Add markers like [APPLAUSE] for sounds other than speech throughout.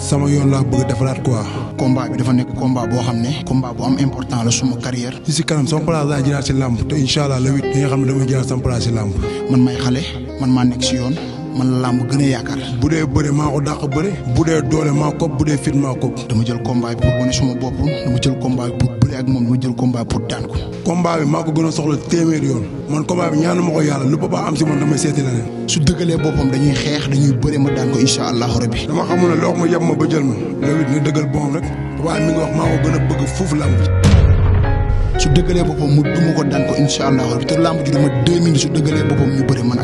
sama yoon laa bëgg defaraat quoi. combat bi dafa nekk combat boo xam ne. combat bu am important la suma carrière. si si kanam sama place laa jëlaat si làmb te incha allah le huit. nga xam ne damay jëlaat sama place si làmb. man may xale man maa nekk si yoon. man la làmb gën a yaakaar bu dee bëre maa ko dàq bëre bu dee doole maa ko bu dee fit maa ko dama jël combat bi pour wane suma bopp dama jël combat bi moom dama jël combat pour daan ko combat bi maa ko gën a soxla téeméer yoon man combat bi ñaanu ma ko yàlla lu papa am si man damay seeti la leen su dëggalee boppam dañuy xeex dañuy bëre ma daan ko incha allahu bi dama xamul ne loo ma yem ma ba jël ma loolu dina dëggal boom rek papa mi ngi wax maa ko gën a bëgg foofu làmb su dëggalee boppam mu duma ko daan ko incha allah te lamb ji dama deux minutes su dëggalee boppam ñu man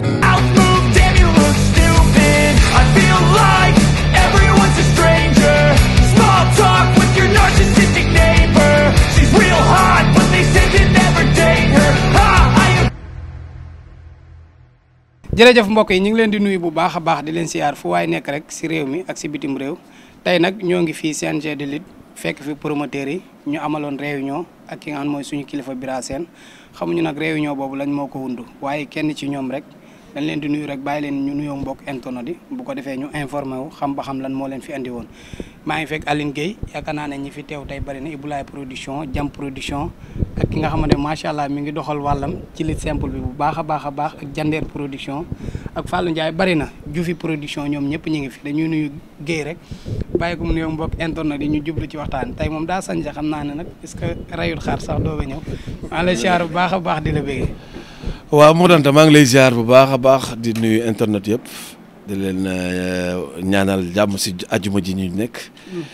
jërëjëf mbokk yi ñu ngi leen di nuyu bu baax a baax di leen siyaar fu waaye nekk rek si réew mi ak si bitim réew tey nag ñoo ngi fii CNG de lit fekk fi promoteurs yi ñu amaloon réunion ak ki nga xam mooy suñu kilifa Bira xamuñu nag réunion boobu lañ moo ko wundu waaye kenn ci ñoom rek dañ leen di nuyu rek bàyyi leen ñu nuyoo mbokk internet di bu ko defee ñu informé wu xam ba xam lan moo leen fi indi woon maa ngi fekk Aline Gueye yaakaar naa ne ñi fi teew tey bëri na Ibulaay production Jam production ak ki nga xamante macha allah mi ngi doxal wàllam ci lit simple bi bu baax a baax a baax ak Jandeer production ak Fallou Ndiaye bëri na Jufi production ñoom ñëpp ñu ngi fi dañuy nuyu géey rek bàyyi ko mu nuyoo mbokk internet di ñu jublu ci waxtaan tey moom daa sañ xam naa ne nag est que rayul xaar sax doog a ñëw maa lay siyaar bu baax a baax di la waaw moo danta maa ngi lay ziar bu baax a baax di nuyu internet yëpp di leen euh, ñaanal jàmm si ajuma ji ñu nekk mm.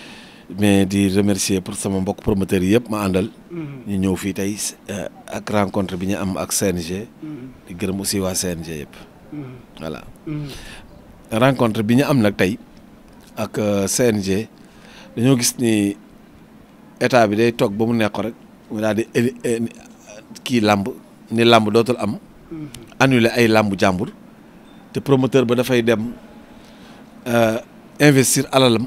mais di remercier pour sama mbokk promoteurs yëpp ma àndal mm. ñu ñëw fii tey euh, ak rencontre bi ñu am ak CNG mm. di gërëm waa CNG yëpp voilà rencontre bi ñu am nag tey ak euh, CNG dañoo gis ni état bi day toog ba mu nekk rek mu daal di kii làmb ni làmb dootul am annuler ay làmbu jàmbur te promoteur ba dafay dem euh, investir alalam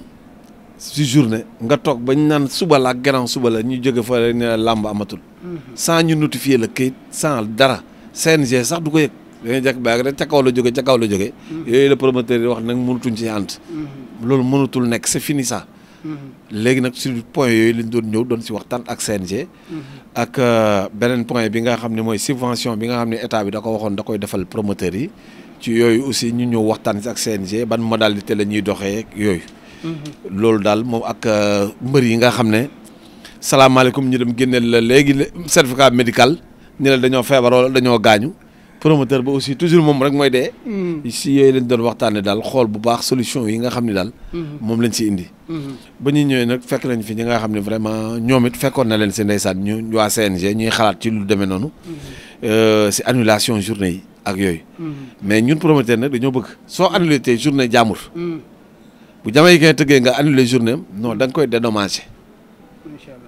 si journée nga toog ba ñu naan suba la ak gannaaw suba la ñu jóge fa ne la làmb amatul. sans ñu notifier la këyit sans dara CNG sax du ko yëg. da ngay jàkk baag rek ca kaw la jóge ca kaw la jóge mm-hmm. yooyu la promoteur yi wax nag mënatuñ ci ànd. Mm-hmm. loolu mënatul nekk c'est fini léegi nag sur point yooyu lañ doon ñëw doon si waxtaan ak CNG. ak euh, beneen point bi nga xam ne mooy subvention bi nga xam ne état bi da ko waxoon da koy defal promoteurs yi ci yooyu aussi ñu ñëw waxtaan si ak CNG ban daal modalité la ñuy doxee yooyu. loolu daal moom ak euh, mbër yi nga xam ne salaamaaleykum ñu dem génneel la léegi certificat médical ñu ne dañoo feebar wala dañoo gaañu. promoteur ba aussi toujours moom rek mooy dee. Hmm. si yooyu lañ doon waxtaanee daal xool bu baax solution yi nga xam ne daal. Hmm. moom lañ si indi. Hmm. ba ñu ñëwee nag fekk nañ fi ñi nga xam ne vraiment ñoom it fekkoon na leen si ndeysaan ñu waa CNG ñuy xalaat ci lu demee noonu. Euh, si annulation journée yi ak yooyu. mais ñun promoteur nag dañoo bëgg soo annulé tey journée jaamur. bu jamay kay tëggee nga annulé journée am non da nga koy dédommagé.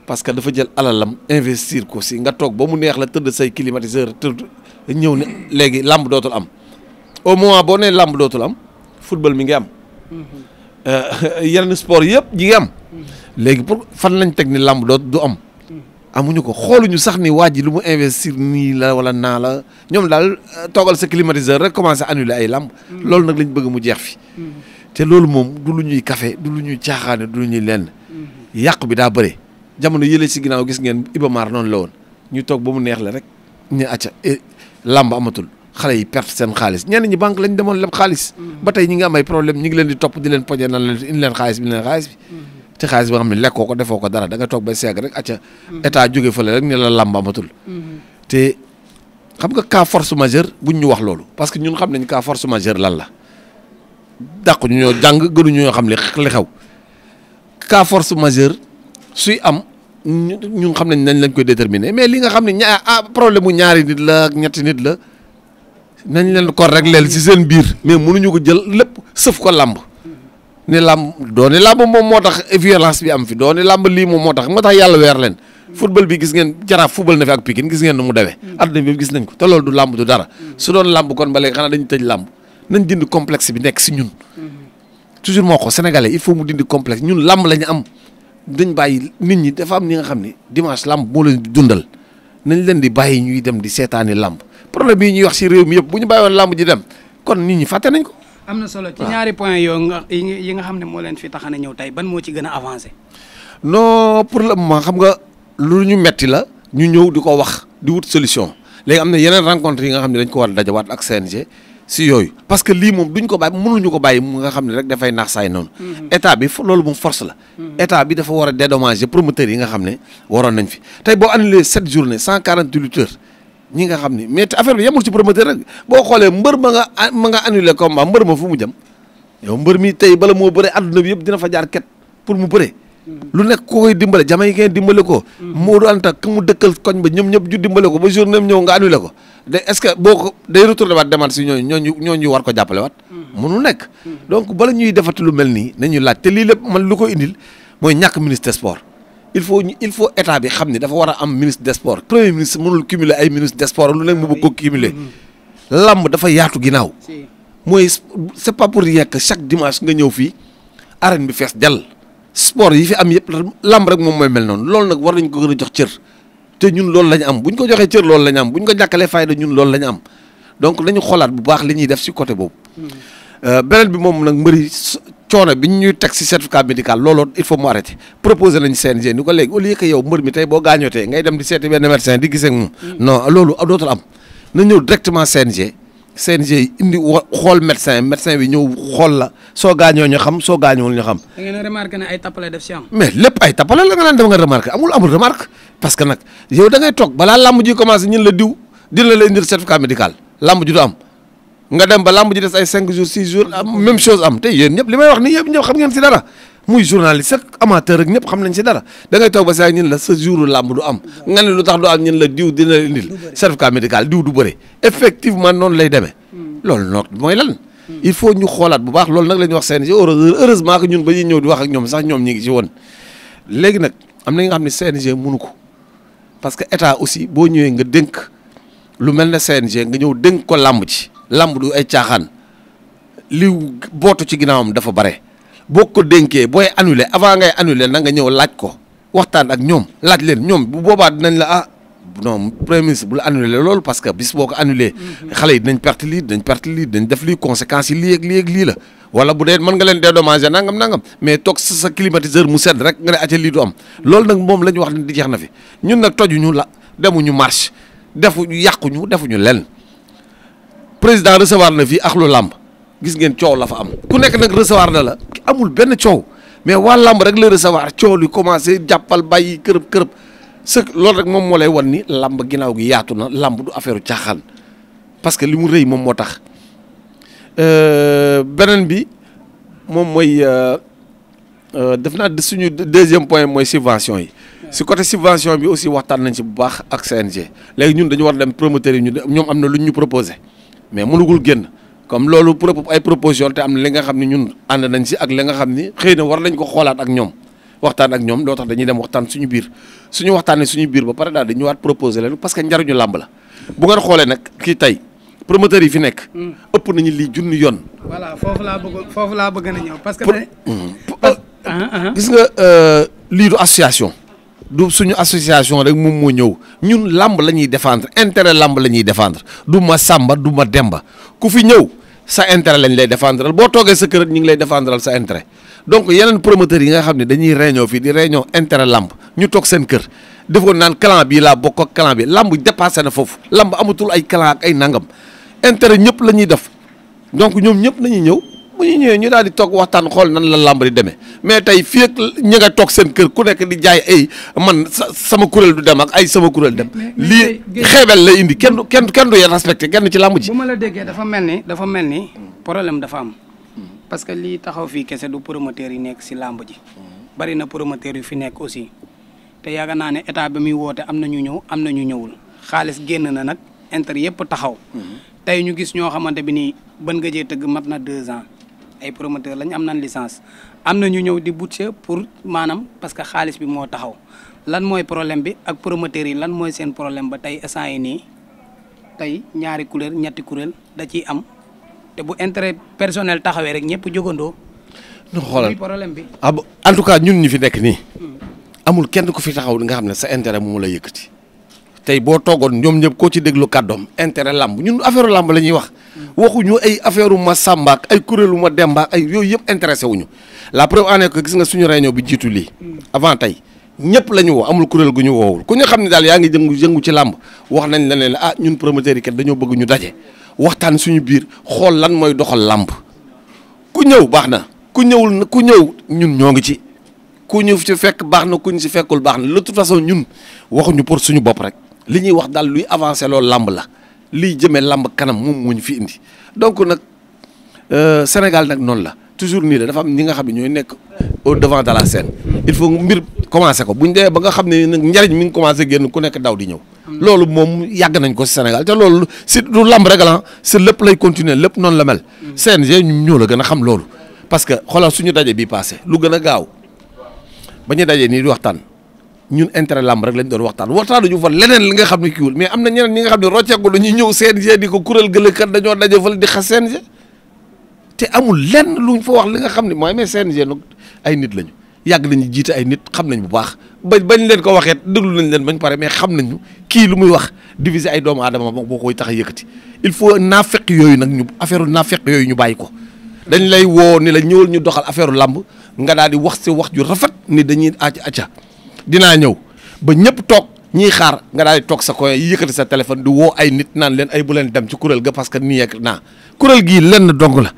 parce que dafa jël alalam investir ko si nga toog ba mu neex la tëdd say climatiseur tëdd. ñëw ne léegi làmb dootul am au moment boo nee làmb dootul am football mi ngi am. Mm-hmm. [LAUGHS] yenn sport yëpp ñi ngi am. Mm-hmm. léegi pour fan lañ teg ni làmb doot du am. Mm-hmm. amuñu ko xooluñu sax ni waa ji lu mu investir nii la walla naa la ñoom daal euh, toogal sa climatiseur rek commencé annuler ay làmb. loolu nag lañ bëgg mu jeex fi. te loolu moom du lu ñuy kafe du lu ñuy caaxaane du lu ñuy lenn. yàqu bi daa bëre. jamono yële si ginnaaw gis ngeen Iba Mar noonu la woon ñu toog ba mu neex la rek ñu làmb amatul xale yi perte seen xaalis ñenn ñi banque lañ demoon leb xaalis. Mm-hmm. ba tey ñi nga am ay problème ñi ngi leen di topp di leen poñe nan leen indi leen xaalis bi leen xaalis bi. Mm-hmm. te xaalis boo xam ne lekkoo ko defoo ko dara da nga toog ba seeg rek acca mm-hmm. état jóge fële rek ne la làmb amatul. te xam nga cas force majeure buñ ñu wax loolu parce que ñun xam nañ cas force majeure lan la dàqu ñu ñoo jàng gënuñu ñoo xam li li xew cas force majeure am. ñu xam nañ nañ lañ koy déterminer mais li nga xam ne ñaa ah, ah problème mu ñaari nit la ñetti nit la nañ leen rek régleel si seen biir mais mënuñu ko jël lépp sëf ko làmb ni làmb dooni làmb moom moo tax violence bi am fi dooni làmb lii moom moo tax moo tax yàlla weer leen football bi gis ngeen jaraaf football na fi ak Pikine gis ngeen nu mu dewee adduna bi gis nañ ko te lool du làmb du dara su doon làmb kon ba léegi xanaa dañu tëj làmb nañ dindi complexe bi nekk ci ñun mm-hmm. toujours moo ko sénégalais il faut mu dindi complexe ñun làmb la ñu am dañ bàyyi nit ñi dafa am ni nga xam ni dimanche làmb moo leen dundal nañ leen di bàyyi ñuy dem di seetaani làmb problème bii ñuy wax si réew mi yëpp bu ñu bàyyiwoon làmb ji dem kon nit ñi fàtte nañ ko. am na solo ci ñaari point yoo nga yi nga xam ne moo leen fi tax a ñëw tey ban moo ci gën a avancé. non pour le moment xam nga lu ñu metti la ñu ñëw di ko wax di wut solution léegi am na yeneen rencontre yi nga xam ne dañ ko war a dajawaat ak CNG. si yooyu parce que lii moom duñ ko bàyyi ñu ko bàyyi mu nga xam ne rek dafay naax saay noonu. Mm-hmm. état bi loolu moom force la. Mm-hmm. état bi dafa war a dédommager promoteurs yi nga xam ne waroon nañ fi tey boo annulé sept journées cent quarante huit heures nga xam ne mais affaire bi yemul ci promoteur rek boo xoolee mbër ma nga ma nga annulé combat mbër ma fu mu jëm yow mbër mi tey bala moo bëree adduna bi yëpp dina fa jaar ket pour mu bëree. lu nekk ko koy dimbale jamaïcain dimbale ko. Mm-hmm. Modou Anta ku mu dëkkal koñ ba ñoom ñëpp ju dimbale ko ba journée am ñëw nga ko de est que boo ko day retourné waat demaat si ñooñu ñooñu ñooñu war ko jàppale waat. Mm-hmm. mënul nekk. Mm-hmm. donc bala ñuy defati lu mel nii nañu laaj te lii lépp man lu ko indil mooy ñàkk ministre des il faut il faut état bi xam ni dafa war a am ministre des sports premier ministre mënul cumuler ay ministre des sports lu nekk mu bëgg ko cumuler. lamb dafa yaatu ginnaaw. mooy c'est pas pour rien chaque dimanche nga ñëw fii arène bi fees dell. sport yi fi am yëpp lamb rek moom mooy mel noonu loolu nag war nañ ko gën a jox cër te ñun loolu lañ am buñ ko joxee cër loolu lañ am buñ ko ñàkkalee fayda ñun loolu lañ am donc nañu xoolaat bu baax li ñuy def si côté boobu. Euh, beneen bi moom nag mbëri coono bi ñuy teg si certificat médical looloo il faut mu arrêté proposé nañ CNG ni ko léegi au lieu que yow mbër mi tey boo gaañootee ngay dem di seeti benn médecin di gisee ak moom. Mm. non loolu dootul am na ñëw directement CNG. CNG yi indi wa xool médecin médecin bi ñëw xool la soo gaañoo ñu xam soo gaañoowul ñu xam. da a remarqué ne ay tapale def si am. lépp ay tapale la nga naan dama nga remarqué amul amul remarque parce que nag yow da ngay balaa làmb ji commencé la diw dina la indil certificat médical làmb du am nga dem ba làmb ji des ay 5 jours 6 jours même chose am te yéen ñëpp li may wax ni yëpp ñëpp xam ngeen si dara. muy journaliste ak amateur ak ñëpp xam nañ si dara dangay ngay toog ba saa ñun la sa jouru làmb am nga ne lu tax du am ñun la diw dina indil certificat médical diw du bëre effectivement noonu lay demee hmm. loolu noog mooy lan hmm. il faut ñu xoolaat bu baax loolu nag la ñuy wax CNG heureusement que ñun ba ñuy ñëw di wax ak ñoom sax ñoom ñi ngi ci woon léegi nag am na nga xam ne CNG mënu ko parce que état aussi boo ñëwee nga dënk lu mel ne CNG nga ñëw dénk ko làmb ci làmb du ay caaxaan li bootu ci ginnaawam dafa bare boo ko dénkee booy annuler avant ngay annuler na nga ñëw laaj ko waxtaan ak ñoom laaj leen ñoom bu boobaa dinañ la ah non premier ministre bu la annuler loolu parce que bis boo ko annuler mhm. xale yi dinañ perte lii dinañ perte lii dinañ def lii conséquences yi lii ak lii lii la wala bu dee mën nga leen dédommager nangam nangam mais toog sa sa mu sedd rek nga ne acca lii du am loolu nag moom lañu wax ne di jeex na fi ñun nag tojuñu la demuñu marche defuñu yàquñu defuñu lenn président recevoir na fii ak làmb gis ngeen coow la fa am ku nekk nag recevoir na la amul benn coow mais waa làmb rek la recevoir coow li commencé jàppal bàyyi kërëb kërëb sëg loolu rek moom moo lay wan ni làmb ginnaaw gi yaatu na làmb du affaire caaxaan parce que li mu rëy moom moo tax euh, beneen bi moom mooy euh, euh, def naa suñu deuxième point mooy subvention yi si côté subvention bi aussi waxtaan nañ si bu baax ak CNG léegi ñun dañu war dem promoteur yi ñu ñoom am na lu ñu proposé mais mënugul génn comme loolu ay proposition te am li nga xam ne ñun ànd nañ si ak li nga xam ni xëy na war nañ ko xoolaat ak ñoom waxtaan ak ñoom loo tax dañuy dem waxtaan suñu biir suñu waxtaanee suñu biir ba pare daal di ñëwaat proposé leen parce que njariñu làmb la bu ngeen xoolee nag kii tey promoteurs yi fi nekk. Hmm. ëpp nañu lii junni yoon. voilà foofu laa bëgg foofu laa bëgg na ñëw parce que. Hmm. Ah, ah. gis nga euh, lii du association. du suñu association rek moom moo ñëw ñun làmb la ñuy défendre intérêt làmb la ñuy défendre du ma sàmba du ma demba ku fi ñëw sa intérêt lañ lay défendral boo toogee sa kër ñu ngi lay défendral sa intérêt donc yeneen promoteurs yi nga xam ne dañuy réunion fii di réunion intérêt làmb ñu toog seen kër defoon naan clan bii laa bokk ak clan bi làmb dépassé na foofu làmb amatul ay clan ak ay nangam intérêt ñëpp la ñuy def donc ñoom ñëpp lañuy ñëw bu ñu ñëwee ñu daal di toog waxtaan xool nan la làmb di demee mais tey fii ak ñi toog seen kër ku nekk di jaay ay man sama kuréel du dem ak ay sama kuréel dem. lii xeebel la indi kenn kenn kenn du yéen respecté kenn ci làmb ji. bu la déggee mel ni dafa mel ni problème dafa am hmm. parce que lii taxaw fii kese du promoteur yi nekk si làmb ji. Hmm. bari na promoteur yi fi nekk aussi te yaakaar naa ne état bi muy woote am na ñu ñëw am na ñu ñëwul xaalis génn na nag intérêt yëpp taxaw. Hmm. tey ñu gis ñoo xamante bi nii ban nga jee tëgg mat na deux ans. ay promoteur lañ am nañ licence am na ñu ñëw di bootse pour maanaam parce que xaalis bi moo taxaw lan mooy problème bi ak promoteurs yi lan mooy seen problème ba tey instant yi nii tey ñaari kuréel ñetti kuréel da ciy am te bu intérêt personnel taxawee rek ñëpp jógandoo. ñu xoolal problème bi. Ah en tout cas ñun ñu fi nekk nii. Hmm. amul kenn ku fi taxaw nga xam ne sa intérêt mu la yëkkati. tey boo toogoon ñoom ñëpp koo ci déglu kàddoom intérêt làmb ñun affaire làmb la ñuy wax waxuñu ay affaire ma sàmbaak ay kuréelu ma dembaak ay yooyu yëpp intéressé wuñu la preuve en est gis nga suñu réunion bi jiitu lii avant tey ñëpp la ñu woo amul kuréel gu ñu woowul ku ñu xam ne daal yaa ngi jëngu jëngu ci làmb wax nañ la ne ah ñun promoteurs yi kat dañoo bëgg ñu daje waxtaan suñu biir xool lan mooy doxal làmb ku ñëw baax na ku ñëwul ku ñëw ñun ñoo ngi ci ku ñu ci fekk baax na ku ñu ci fekkul baax na de toute ñun waxuñu pour suñu bopp rek li ñuy wax daal luy avancé loolu làmb la liy jëmee làmb kanam moom moo ñu fi indi donc nag euh, Sénégal nag noonu la toujours nii la dafa am ñi nga xam ne ñooy nekk au devant de la scène il faut mbir commencé ko bu ñu demee ba nga xam ne nag njariñ mi ngi commencé génn ku nekk daw di ñëw. loolu moom yàgg nañ ko si Sénégal te loolu si du làmb rek la si lépp lay continuer lépp noonu la mel. CNG ñun ñoo la gën a xam loolu. parce que xoolal suñu daje bii passé lu gën a gaaw ba ñu dajee nii di waxtaan. ñun intérêt làmb rek lañ doon waxtaan ñu fa leneen li nga xam ne kiiwul mais am na ñeneen ñi nga xam ne rocceeku la ñuy ñëw CNG di ko kuréel gëlëkat dañoo dajëfal di xas CNG te amul lenn luñ fa wax li nga xam ne mooy mais CNG nag ay nit lañu yàgg nañu jiite ay nit xam nañ bu baax ba bañ leen ko waxee déglu nañ leen bañ pare mais xam nañu kii lu muy wax diviser ay doomu aadama boo koy tax a yëkkati il faut naafeq yooyu nag ñu affaire naafeq yooyu ñu bàyyi ko dañ lay woo ni la ñëwal ñu doxal affaire làmb nga daal di wax se wax ju rafet ni dañuy acca acca dinaa ñëw ba ñëpp toog ñiy xaar nga daal toog sa koy yëkkati sa téléphone di woo ay nit naan leen ay bu leen dem ci kuréel ga parce que nii ak naa kuréel gii lenn dong la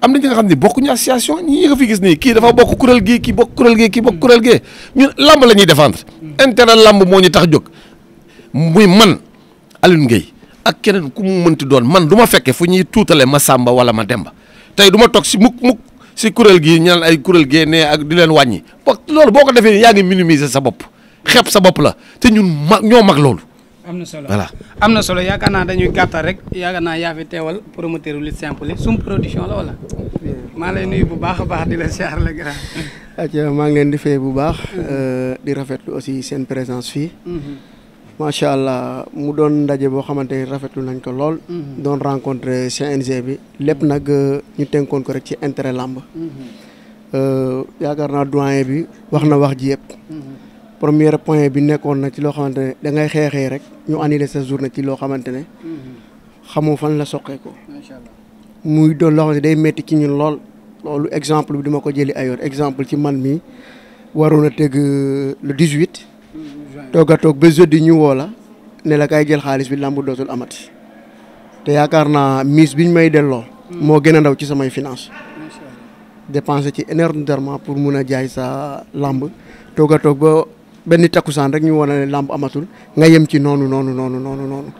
am na ñi nga xam ne bokkuñu association ñi nga fi gis nii kii dafa bokk kuréel gii kii bokk kuréel gii kii bokk kuréel gii ñun lamb la ñuy défendre intérêt lamb moo ñu tax jóg muy man Alioune Gueye ak keneen ku mu mënti doon man du ma fekkee fu ñuy tuutale ma sàmba wala ma Demba tey du ma toog si mukk mukk si kuréel gii ñaan ay kuréel gee ne ak di leen wàññi ba loolu boo ko defee yaa ngi minimiser sa bopp xeeb sa bopp la te ñun mag ñoo mag loolu. am na solo voilà am na solo yaakaar naa dañuy gàttal rek yaakaar naa yaa fi teewal promoteur lutte simple yi sum production la wala. maa lay nuyu bu baax a baax di la siyaar la grand. maa ngi leen di fay bu baax. Euh, di rafetlu aussi seen présence fii. Mm-hmm. macha allah mu doon ndaje boo xamante ni rafetlu nañ ko lool. Mm-hmm. doon rencontré CNG bi. lépp mm-hmm. nag euh, ñu tenkoon ko rek ci intérêt làmb. Mm-hmm. Euh, yaakaar naa doyen bi wax na wax ji yëpp. première point bi nekkoon na ci loo xamante ne da ngay xeexee rek ñu annulé sa journée ci loo xamante ne. xamoo fan la soqee ko. macha allah muy doon loo xamante day métti ci ñun lool. loolu exemple bi duma ko jëli ayoor exemple ci man mi waroon a tëgg euh, le 18. toog a ba jeudi ñu woo la ne la kay jël xaalis bi làmb dootul amati te yaakaar naa mise bi ñu may delloo. moo gën a ndaw ci samay finance dépensé ci énormément pour mun a jaay sa làmb toog a toog ba benn takkusaan rek ñu woo la làmb amatul nga yem ci noonu noonu noonu noonu noonu.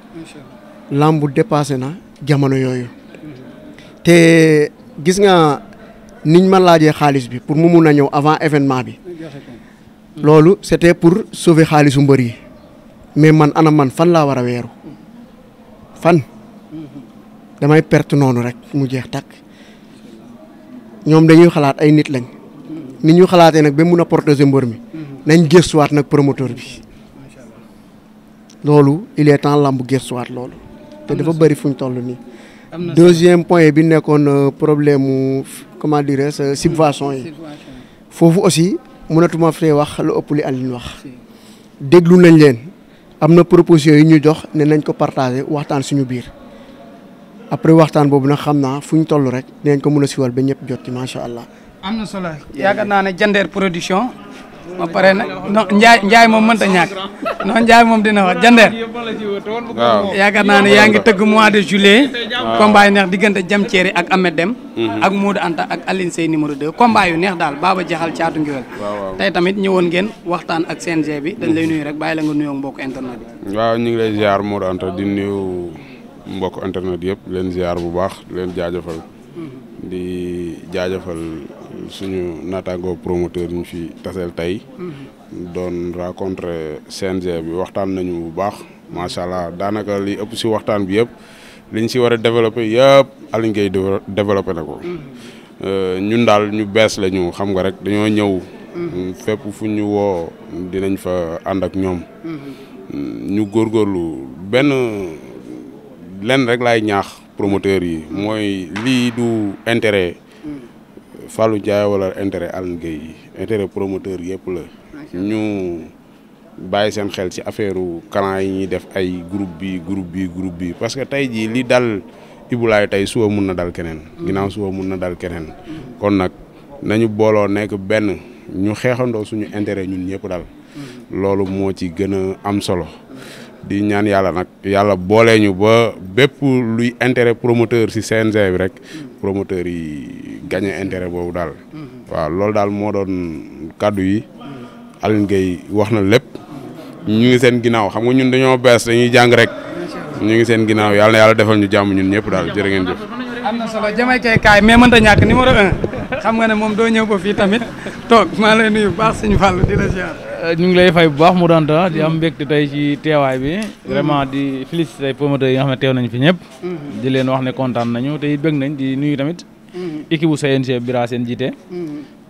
làmb dépassé na jamono yooyu. te gis nga niñ ma laajee xaalis bi pour mu mun a ñëw avant événement bi. loolu c'était pour sauver xaalisu mbër yi mais man ana man fan laa war a weeru fan damay perte noonu rek mu jeex takk ñoom dañuy xalaat ay nit lañ ni ñu xalaatee nag ba mun a protéger mbër mi nañ gëstuwaat nag promoteur bi loolu il est temps lamb gëstuwaat loolu te dafa bëri fu ñu toll nii deuxième point bi nekkoon euh, problème mu comment dirais-je euh, subvention yi foofu aussi mënatuma fee wax lu ëpp li Alioune wax déglu nañ leen am na propositions yi ñu jox ne nañ ko partager waxtaan suñu biir après waxtaan boobu nag xam naa fu ñu toll rek dinañ ko mën a siwal ba ñëpp jot ci macha allah. am na solo yaakaar naa ne Diender Production. ba pare nag non njaay njaay moom mënta ñàkk non njaay moom dina wax jandeer yaakaar naa ne yaa ngi tëgg mois de juillet combat yu neex diggante jam ceeri ak Ahmed Dem mhm. ak Modou Anta ak Aline Sey numéro 2 combat yu neex daal Baba Jaxal caatu ngiwél tey tamit ñëwoon ngeen waxtaan ak CNG bi da lay nuyu rek bàyyi la nga nuyoo mbokk internet bi waaw ñu ngi lay ziar Modou Anta di nuyu mbokk internet yëpp leen ziar bu baax leen jaajëfal mhm. di jaajëfal suñu naataangoo promoteur ñu fi taseel tey doon rencontre CNG bi waxtaan nañu bu baax macha allah daanaka li ëpp si waxtaan bi yëpp liñ si war a développé yëpp Aliou Gueye développé na ko euh, ñun daal ñu bees la ñu xam nga rek dañoo ñëw fépp fu ñu woo dinañ fa ànd ak ñoom ñu góorgóorlu benn lenn rek laay ñaax promoteur yi mooy lii du intérêt falu Ndiaye wala intérêt Alioune Gueye yi promoteur yëpp la ñu bàyyi xel ci affaire clan yi ñuy def ay groupe bi groupe bi groupe bi parce que tey jii li dal Ibulaay tey suba mun na dal keneen mm. ginnaaw suba mun na dal keneen mm. kon nag nañu booloo nekk benn ñu xeexandoo suñu intérêt ñun ñëpp dal mm. loolu moo ci gën a am solo di ñaan yàlla nag yàlla boole ñu ba bépp luy intérêt promoteur ci CNG bi rek promoteur yi gagné intérêt boobu daal. waaw loolu daal moo doon kàddu yi. Aline Gueye wax na lépp. ñu ngi seen ginnaaw xam nga ñun dañoo bees dañuy jàng rek. ñu ngi seen ginnaaw yàlla na yàlla defal ñu jàmm ñun ñëpp daal jërë ngeen jëf. am na solo jëmay kay kaay mais mënta ñàkk numéro un xam nga ne moom doo ñëw ba fii tamit toog maa lay nuyu baax suñu fàll di la ziar. Euh, ñu ngi lay fay bu baax mu danta di am mbégte tey ci teewaay bi mm-hmm. vraiment di féliciter promoteurs yi nga xam ne teew nañ fi ñëpp mm-hmm. di leen wax ne kontaan nañu te it bëgg nañ di nuyu tamit mm-hmm. équipe bu CNG Bira seen jiite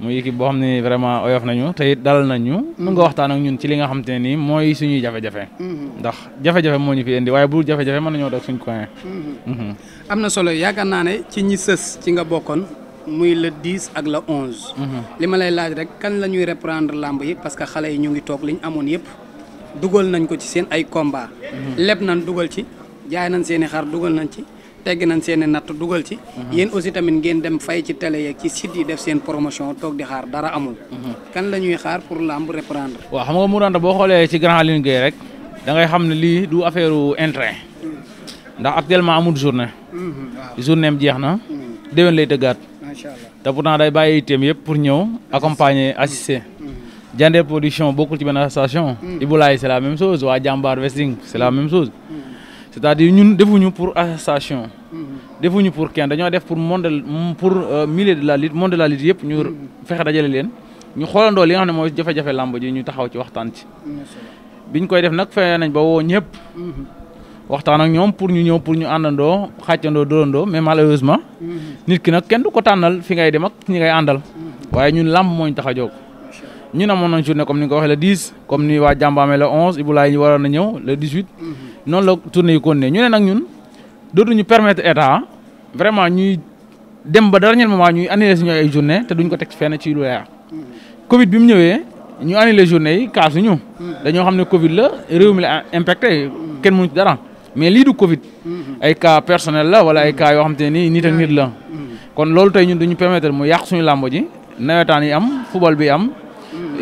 muy équipe boo xam ne vraiment oyof nañu tey dal dalal nañu nu nga waxtaan ak ñun ci li nga xam te ne nii mooy suñuy jafe-jafe ndax jafe-jafe moo ñu fi indi waaye bu jafe-jafe mën nañoo toog suñ coin am na solo yaakaar naa ne ci ñi sës ci nga bokkoon muy le 10 ak le 11. Mhm. li ma lay laaj rek kan la reprendre làmb yi parce que xale yi ñu ngi toog liñ amoon yëpp dugal nañ ko ci seen ay combat mhm. leb nañ dugal ci jaay nañ seen i xar dugal nañ ci tegg nañ seen i natt dugal ci. Mhm. yéen aussi tamit ngeen dem fay ci télé yeeg ci site yi def seen promotion toog di xaar dara amul. kan la ñuy xaar pour làmb reprendre. waaw xam nga Mourante boo xoolee ci Grand Aline rek da ngay xam ne lii du affaire intrain mm. ndax actuellement macha allah te pourtant day bàyyi itteem yëpp pour ñëw accompagner assister. Mm. Jandé production bokkul ci benn association. Mm. Ibulaay c' est la même chose waa Jàmbaar Wrestling c' est mm. chose. c' est dire ñun defuñu pour association. defuñu pour kenn dañoo def pour monde pour euh, milieu de la lutte monde ñu fexe dajale leen ñu xoolandoo li nga xam ne mooy jafe-jafe làmb ñu taxaw ci waxtaan ci. biñ koy def nag fexe nañ ba woo ñëpp. Mm-hmm. waxtaan ak ñoom pour ñu ñëw pour ñu àndandoo xàccandoo dóorandoo mais malheureusement. Mhm. nit ki nag kenn du ko tànnal fi ngay dem ak ñi ngay àndal. Mhm. waaye ñun làmb moo ñu tax a jóg. ñun amoon nañ journée comme ni nga ko waxee le 10 ni waa Jàmbaame le 11 Ibulaay ñu waroon a ñëw le 18. Mhm. noonu la tournée yi continué ñu ne nag ñun dootuñu permettre état vraiment ñuy dem ba dernier moment ñuy annulé suñu ay journée te duñ ko teg fenn ci lu leer. Covid bi mu ñëwee ñu annulé journée yi kaasuñu. dañoo xam ne Covid la réew mi la impacté kenn mënu ci dara. mais lii du Covid. Mm-hmm. ay cas personnel la wala ay kaa mm-hmm. yoo xam te ni nit ak nit la. Mm-hmm. kon loolu tey ñun ñu permettre mu yàq suñu làmb ji nawetaan yi am football bi am.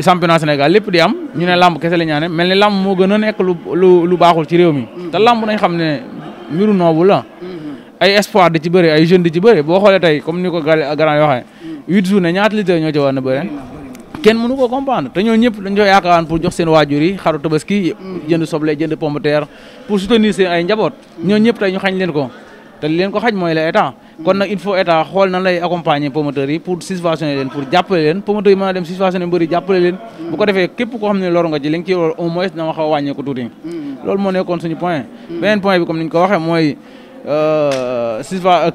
championnat Sénégal lépp di am ñu ne làmb kese la ñaane mel ni làmb moo gën a nekk lu lu lu baaxul ci réew mi. te làmb nañ xam ne mbiru noobu la. ay espoir di ci bëre ay jeunes di ci bëre boo xoolee tey comme ni ko grand yoo waxee huit jours ne ñaata litre ñoo ci war na bëre. kenn mënu ko comprendre te ñoo ñëpp dañ ko yaakaaraan pour jox seen waajur yi xaru tabaski jënd soble jënd pomme pour soutenir seen ay njaboot ñoo ñëpp tey ñu xañ leen ko te leen ko xañ mooy la yi pour subventionner leen leen promoteurs yi mën a dem subventionner mbëri jàppale leen bu ko defee képp koo xam ne loru nga ci ci loolu au moins na ma xaw a tuuti loolu moo nekkoon suñu point mm. beneen point bi comme niñ ko waxee mooy euh, subvention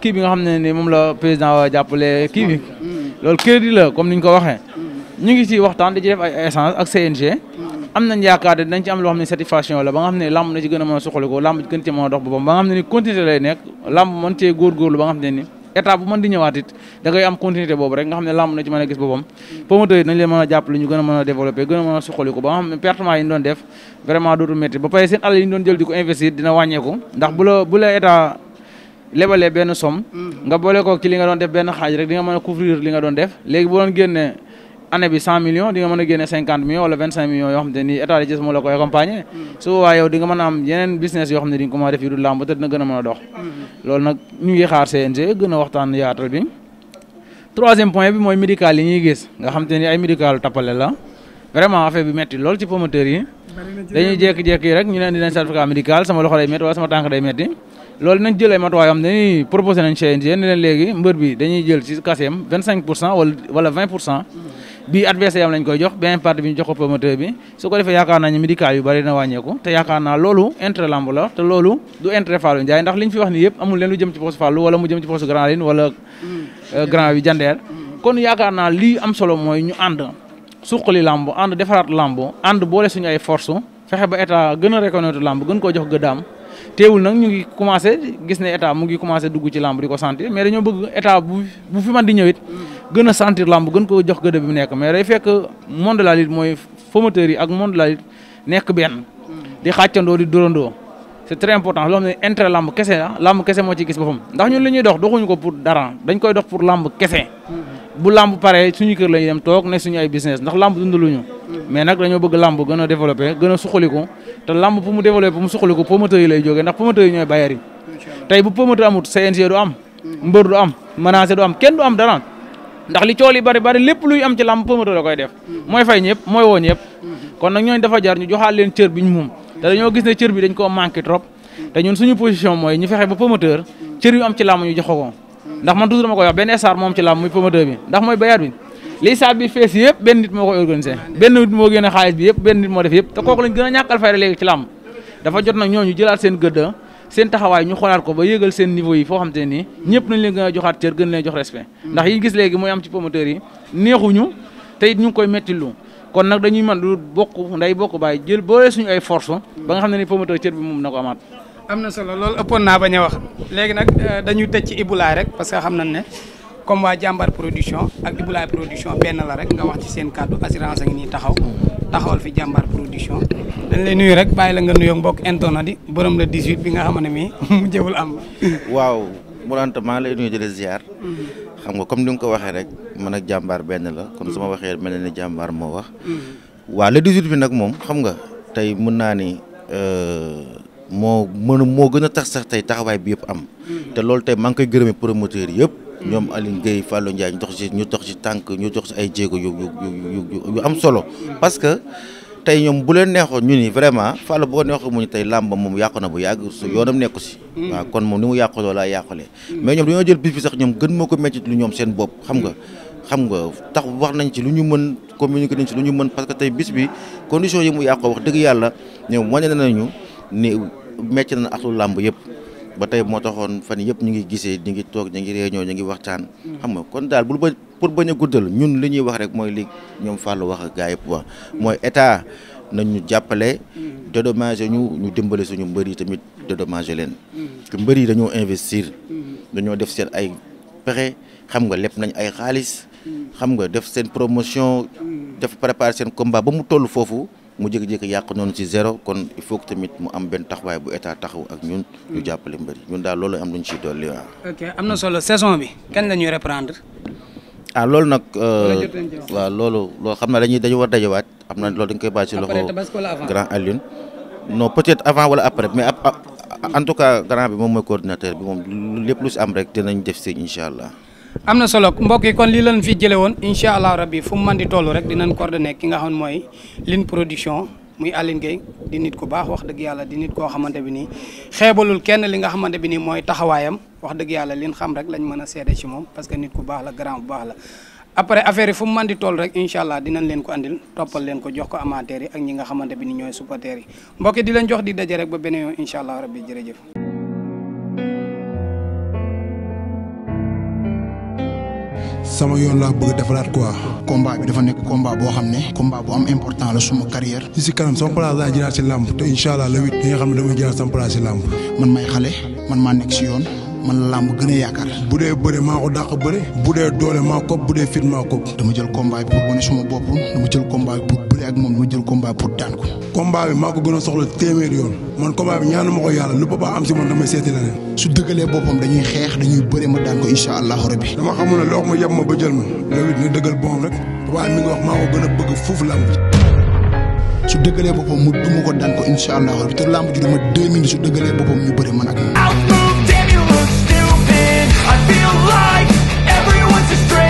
kii ñu ngi ci waxtaan di ci def ay échange ak CNG. am nañ yaakaar ne dinañ ci am loo xam ne satisfaction la ba nga xam ne làmb na ci gën a mën a soxalikoo làmb gën ci mën ne ni continuité lay nekk làmb mën cee bu mën di ñëwaat it am continuité boobu rek nga xam ne làmb na ci mën a gis boppam promoteurs yi nañ leen mën a jàppale ñu gën a mën a développé gën a mën a soxaliko ba nga xam ne pertement yi ñu def vraiment dootu métti ba pare seen alal yi ñu jël di ko investir dina wàññeeku benn somme mm. nga boole ko li nga doon def benn xaaj rek nga mën li nga doon def léegi bu doon année bi cent millions di nga mën a génne cinquante millions wala vingt cinq millions yoo xam te ni état de Thiès moo la koy accompagner mm. su boobaa di nga mën a yeneen business yoo xam ne di nga ko mën a def yu dul làmb te dina gën a mën a dox mm-hmm. loolu nag ñu ngi xaar CNG gën a waxtaan yaatal bi troisième nga xam te ni ay médical tappale la vraiment affaire bi metti lool ci promoteurs yi dañuy jékki-jékki rek ñu ne leen léegi mbër bi bii adversaire am lañ koy jox beneen partie bi ñu jox ko promoteur bi su ko defee yaakaar naa ñu médical yu bari na wàññeeku te yaakaar naa loolu intérêt lamb la te loolu du intérêt Fallou Ndiaye ndax liñ fi wax ni yëpp amul leen lu jëm ci poche Fallou wala mu jëm ci poche Grand Lin wala euh, mm. grand bi jandeer kon yaakaar naa lii am solo mooy ñu ànd suqali lamb ànd defaraat lamb ànd boole suñu ay force fexe ba état gën a reconnaître lamb gën koo jox gëddaam teewul nag ñu ngi commencé gis ne état mu ngi commencé dugg ci lamb di ko sentir mais dañoo bëgg état bu bu fi gën a sentir lamb gën ko jox gëdd bi mu nekk mais day fekk monde mooy formateur yi ak monde nekk benn di xàccandoo di dorandoo c' est très important loo xam ne intérêt lamb kese la lamb kese moo ci gis boppam ndax ñun li ñuy dox doxuñu ko pour dara dañ koy dox pour lamb kese bu lamb pare suñu kër lañu dem toog ne suñu ay business ndax lamb dundaluñu mais nag dañoo bëgg lamb gën a développé gën a suqaliku te lamb pour mu développé pour mu suqaliku promoteur yi lay jógee ndax ndax li cool yi bari bari lépp luy am ci làmb promoteur la koy def mooy fay ñëpp mooy woo ñëpp kon nag ñooñu dafa jar ñu joxaat leen cër bi ñu moom te dañoo gis ne cër bi dañ koo manqué trop te ñun suñu position mooy ñu fexe ba promoteur cër yu am ci làmb ñu jox ko ndax man toujours dama koy wax benn estar moom ci làmb muy promoteur bi ndax mooy bayaat bi li saab bi fees yëpp benn nit moo koy organisé benn nit moo génne xaalis bi yëpp benn nit moo de yëpp te kooku lañ gën a ñàkkal fayda léegi ci làmb dafa jot nag ñooñu jëlaat seen taxawaay ñu xoolaat ko ba yëgal seen niveau yi foo xam te ne nii ñëpp nañ leen gën a joxaat cër gën leen jox respect mm. ndax yi gis léegi mooy am ci promoteurs yi neexuñu te ñu koy metti lu kon nag dañuy mën lu bokk nday bokk bàyyi jël boole suñu ay force ba nga xam ne ni promoteur cër bi moom na ko amaat am na solo loolu ëppoon naa bañ a wax léegi nag euh, dañuy tëj ci Ibou Laye rek parce que xam nañ ne comme waa jàmbar production ak Ibulaay production benn la rek nga wax ci seen kàddu assurance a ngi nii taxaw taxawal fi jàmbar production dañ lay nuyu rek bàyyi la nga nuyoo mbokk intona di borom la 18 bi nga xam mii [LAUGHS] mu jëwul am waaw Mourante maa lay nuyu di mm-hmm. xam nga comme ni nga ko waxee rek man jàmbaar benn la kon su ma mm-hmm. waxee mel na ni jàmbaar moo wax mm-hmm. waaw le 18 bi nag moom xam nga tey mën naa ni euh, moo mën moo gën a tax sax tey taxawaay bi yëpp am te loolu tey maa ngi koy gërëmee promoteurs yëpp ñoom Aline Gueye Fallou Ndiaye ñu dox ci ñu dox ci tànk ñu dox ci ay jéego yu yu yu yu am solo parce que tey ñoom bu leen neexoon ñu ni vraiment Fallou boo neexoon mu ñu tey làmba moom yàqu na bu yàgg su yoonam nekku si mm. waaw kon moom ni mu yàqu loolu laa yàqulee mm. mais ñoom dañoo jël bis bi sax ñoom gën moo ko métti lu ñoom seen bopp xam nga xam nga tax wax nañ ci lu ñu mën communiqué nañ ci lu ñu mën parce que tey bis bi condition yi mu yàqoo wax dëgg yàlla ñoom wane nañu ni métti na axlu làmb yëpp ba tey moo taxoon fan yëpp ñu ngi gisee di ngi toog ñu ngi réunion ñu ngi waxtaan. xam nga kon daal bul ba pour bañ a guddal ñun li ñuy wax rek mooy li ñoom Fallou wax ak gars yëpp wax mooy état nañ ñu jàppale. Mm. dédommagé ñu ñu dimbale suñu mbëri yi tamit dédommagé leen. Mm. que mbër yi dañoo investir. Mm. dañoo def seen ay pexe xam nga lépp nañ ay xaalis. xam nga def seen promotion. def préparer seen combat ba mu toll foofu. mu jékki-jékki yàq noonu ci zéro kon il faut que tamit mu am benn taxawaay bu état taxaw ak ñun. ñu jàppale mbëri ñun daal loolu am lu ñu ciy dolli waaw. ok am na solo saison bi. kenn la ñuy reprendre. ah loolu nag. Euh, waaw loolu loolu xam na dañuy dañu war dajawaat am na loolu dañ koy bàyyi ci loxo. grand Alioune. no peut-être avant wala après mais en tout cas grand bi moom mooy coordinateur bi moom lépp lu si am rek dinañ def seen incha allah. am na solo mbokk kon lii lañ fi jëlee woon incha allah rabbi fu mu mën di toll rek dinañ coordonné ki nga xam mooy Line Production muy Aline Gueye di nit ku baax wax dëgg yàlla di koo xamante bi nii xeebalul kenn li nga xamante bi nii mooy taxawaayam wax dëgg yàlla liñ xam rek lañ mën a seede ci moom parce que nit ku baax la grand bu baax la. après affaire yi fu mu mën di toll rek incha allah dinañ leen ko andil toppal leen ko jox ko amateurs yi ak ñi nga xamante bi ni ñooy supporters yi mbokk yi di leen jox di daje rek ba beneen yoon incha allah rabbi jërëjëf. sama yoon laa bëgg defaraat quoi. combat bi dafa nekk combat boo xam ne. combat bu am important la suma carrière. si si kanam sama place laa jëlaat si làmb te incha allah le huit. li nga xam ne damay jëlaat sama place si làmb. man may xale man maa nekk si yoon. man la làmb gën a yaakaar bu dee bëre maa ko dàq bëre bu dee doole maa ko bu dee fit maa ko dama jël combat bi pour wane suma bopp dama jël combat bi moom dama jël combat pour daan ko combat bi maa ko gën a soxla téeméer yoon man combat bi ñaanu ma ko yàlla lu boppaa am si man damay seeti leneen su dëggalee boppam dañuy xeex dañuy bëre ma daan ko incha allahu rabbi dama xamul la loo yem ma ba jël ma loolu dina dëggal boom rek papa mi ngi wax maa ko gën su dëggalee boppam mu duma ko daan ko incha allah te lamb ji dama deux minutes su dëggalee boppam ñu bëri man ak feel like everyone's a stranger